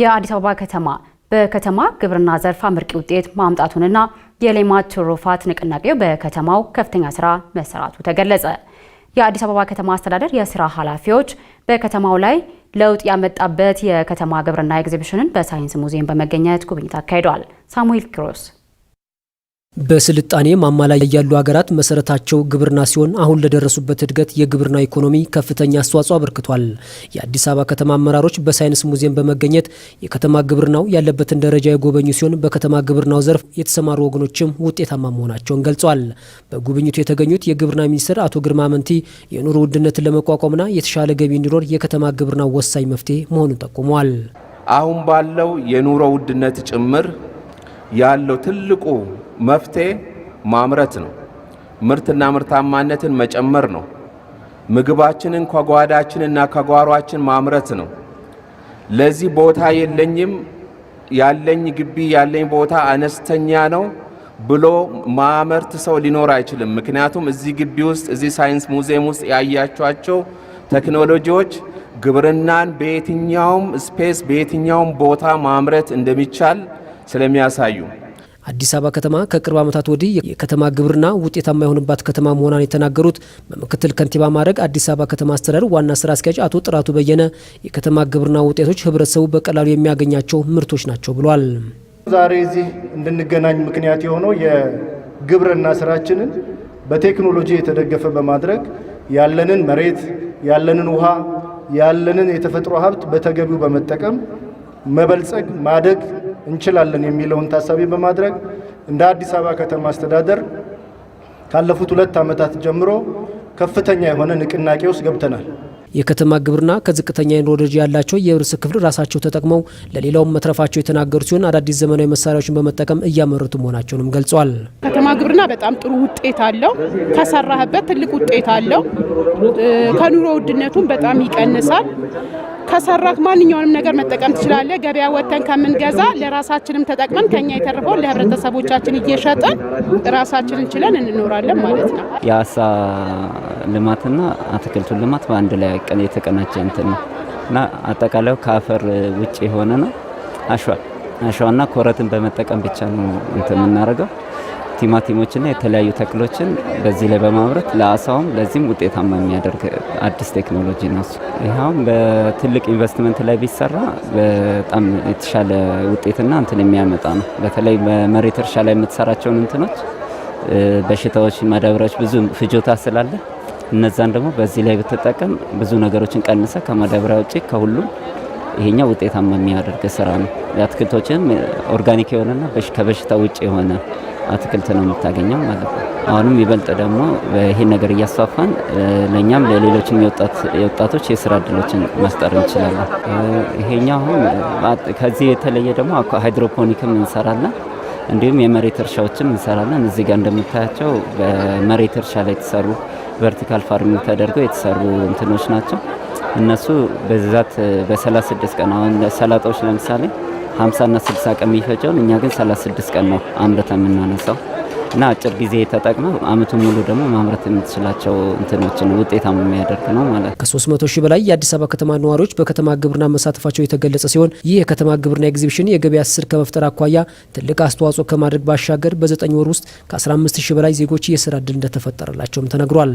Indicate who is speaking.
Speaker 1: የአዲስ አበባ ከተማ በከተማ ግብርና ዘርፍ አመርቂ ውጤት ማምጣቱንና የሌማት ትሩፋት ንቅናቄው በከተማው ከፍተኛ ስራ መሰራቱ ተገለጸ። የአዲስ አበባ ከተማ አስተዳደር የስራ ኃላፊዎች በከተማው ላይ ለውጥ ያመጣበት የከተማ ግብርና ኤግዚቢሽንን በሳይንስ ሙዚየም በመገኘት ጉብኝት አካሂደዋል። ሳሙኤል ኪሮስ
Speaker 2: በስልጣኔ ማማ ላይ ያሉ ሀገራት መሰረታቸው ግብርና ሲሆን አሁን ለደረሱበት እድገት የግብርና ኢኮኖሚ ከፍተኛ አስተዋጽኦ አበርክቷል። የአዲስ አበባ ከተማ አመራሮች በሳይንስ ሙዚየም በመገኘት የከተማ ግብርናው ያለበትን ደረጃ የጎበኙ ሲሆን በከተማ ግብርናው ዘርፍ የተሰማሩ ወገኖችም ውጤታማ መሆናቸውን ገልጸዋል። በጉብኝቱ የተገኙት የግብርና ሚኒስትር አቶ ግርማ መንቲ የኑሮ ውድነትን ለመቋቋምና የተሻለ ገቢ እንዲኖር የከተማ ግብርናው ወሳኝ መፍትሄ መሆኑን ጠቁመዋል።
Speaker 3: አሁን ባለው የኑሮ ውድነት ጭምር ያለው ትልቁ መፍትሄ ማምረት ነው። ምርትና ምርታማነትን መጨመር ነው። ምግባችንን ከጓዳችንና ከጓሯችን ማምረት ነው። ለዚህ ቦታ የለኝም፣ ያለኝ ግቢ ያለኝ ቦታ አነስተኛ ነው ብሎ ማመርት ሰው ሊኖር አይችልም። ምክንያቱም እዚህ ግቢ ውስጥ እዚህ ሳይንስ ሙዚየም ውስጥ ያያቸዋቸው ቴክኖሎጂዎች ግብርናን በየትኛውም ስፔስ በየትኛውም ቦታ ማምረት እንደሚቻል ስለሚያሳዩ
Speaker 2: አዲስ አበባ ከተማ ከቅርብ ዓመታት ወዲህ የከተማ ግብርና ውጤታማ የሆነባት ከተማ መሆኗን የተናገሩት በምክትል ከንቲባ ማድረግ አዲስ አበባ ከተማ አስተዳደር ዋና ስራ አስኪያጅ አቶ ጥራቱ በየነ የከተማ ግብርና ውጤቶች ህብረተሰቡ በቀላሉ የሚያገኛቸው ምርቶች ናቸው ብሏል።
Speaker 4: ዛሬ እዚህ እንድንገናኝ ምክንያት የሆነው የግብርና ስራችንን በቴክኖሎጂ የተደገፈ በማድረግ ያለንን መሬት፣ ያለንን ውሃ፣ ያለንን የተፈጥሮ ሀብት በተገቢው በመጠቀም መበልጸግ ማደግ እንችላለን የሚለውን ታሳቢ በማድረግ እንደ አዲስ አበባ ከተማ አስተዳደር ካለፉት ሁለት ዓመታት ጀምሮ ከፍተኛ የሆነ ንቅናቄ ውስጥ ገብተናል።
Speaker 2: የከተማ ግብርና ከዝቅተኛ የኑሮ ደረጃ ያላቸው የብርስ ክፍል ራሳቸው ተጠቅመው ለሌላውም መትረፋቸው የተናገሩ ሲሆን አዳዲስ ዘመናዊ መሳሪያዎችን በመጠቀም እያመረቱ መሆናቸውንም ገልጿል።
Speaker 5: ከተማ ግብርና በጣም ጥሩ ውጤት አለው። ከሰራህበት ትልቅ ውጤት አለው። ከኑሮ ውድነቱም በጣም ይቀንሳል። ከሰራክ ማንኛውንም ነገር መጠቀም ትችላለህ። ገበያ ወጥተን ከምንገዛ ለራሳችንም ተጠቅመን ከኛ የተረፈውን ለህብረተሰቦቻችን እየሸጥን ራሳችንን ችለን እንኖራለን ማለት ነው።
Speaker 6: የአሳ ልማትና አትክልቱን ልማት በአንድ ላይ የተቀናጀ እንትን ነው እና አጠቃላዩ ከአፈር ውጭ የሆነ ነው። አሸዋ አሸዋና ኮረትን በመጠቀም ብቻ ነው እንትን የምናደርገው። ቲማቲሞችና የተለያዩ ተክሎችን በዚህ ላይ በማምረት ለአሳውም ለዚህም ውጤታማ የሚያደርግ አዲስ ቴክኖሎጂ ነው። ይኸውም በትልቅ ኢንቨስትመንት ላይ ቢሰራ በጣም የተሻለ ውጤትና እንትን የሚያመጣ ነው። በተለይ በመሬት እርሻ ላይ የምትሰራቸውን እንትኖች በሽታዎች፣ ማዳበሪያዎች ብዙ ፍጆታ ስላለ እነዛን ደግሞ በዚህ ላይ ብትጠቀም ብዙ ነገሮችን ቀንሰ ከማዳበሪያ ውጭ ከሁሉም ይሄኛው ውጤታማ የሚያደርግ ስራ ነው። የአትክልቶችንም ኦርጋኒክ የሆነና ከበሽታ ውጭ የሆነ አትክልት ነው የምታገኘው ማለት ነው። አሁንም ይበልጥ ደግሞ ይሄ ነገር እያስፋፋን ለእኛም ለሌሎችም የወጣቶች የስራ እድሎችን መፍጠር እንችላለን። ይሄኛ አሁን ከዚህ የተለየ ደግሞ ሃይድሮፖኒክም እንሰራለን፣ እንዲሁም የመሬት እርሻዎችም እንሰራለን። እዚህ ጋር እንደምታያቸው በመሬት እርሻ ላይ የተሰሩ ቨርቲካል ፋርሚንግ ተደርገው የተሰሩ እንትኖች ናቸው። እነሱ በብዛት በ36 ቀን አሁን ሰላጣዎች ለምሳሌ 50ና 60 ቀን የሚፈጨውን እኛ ግን 36 ቀን ነው አምርተን የምናነሳው እና አጭር ጊዜ ተጠቅመ አመቱን ሙሉ ደግሞ ማምረት የምትችላቸው እንትኖችን ውጤታማ የሚያደርግ ነው ማለት።
Speaker 2: ከ300 ሺህ በላይ የአዲስ አበባ ከተማ ነዋሪዎች በከተማ ግብርና መሳተፋቸው የተገለጸ ሲሆን ይህ የከተማ ግብርና ኤግዚቢሽን የገበያ ስር ከመፍጠር አኳያ ትልቅ አስተዋጽኦ ከማድረግ ባሻገር በዘጠኝ ወር ውስጥ ከ15 ሺህ በላይ ዜጎች የስራ እድል እንደተፈጠረላቸውም ተነግሯል።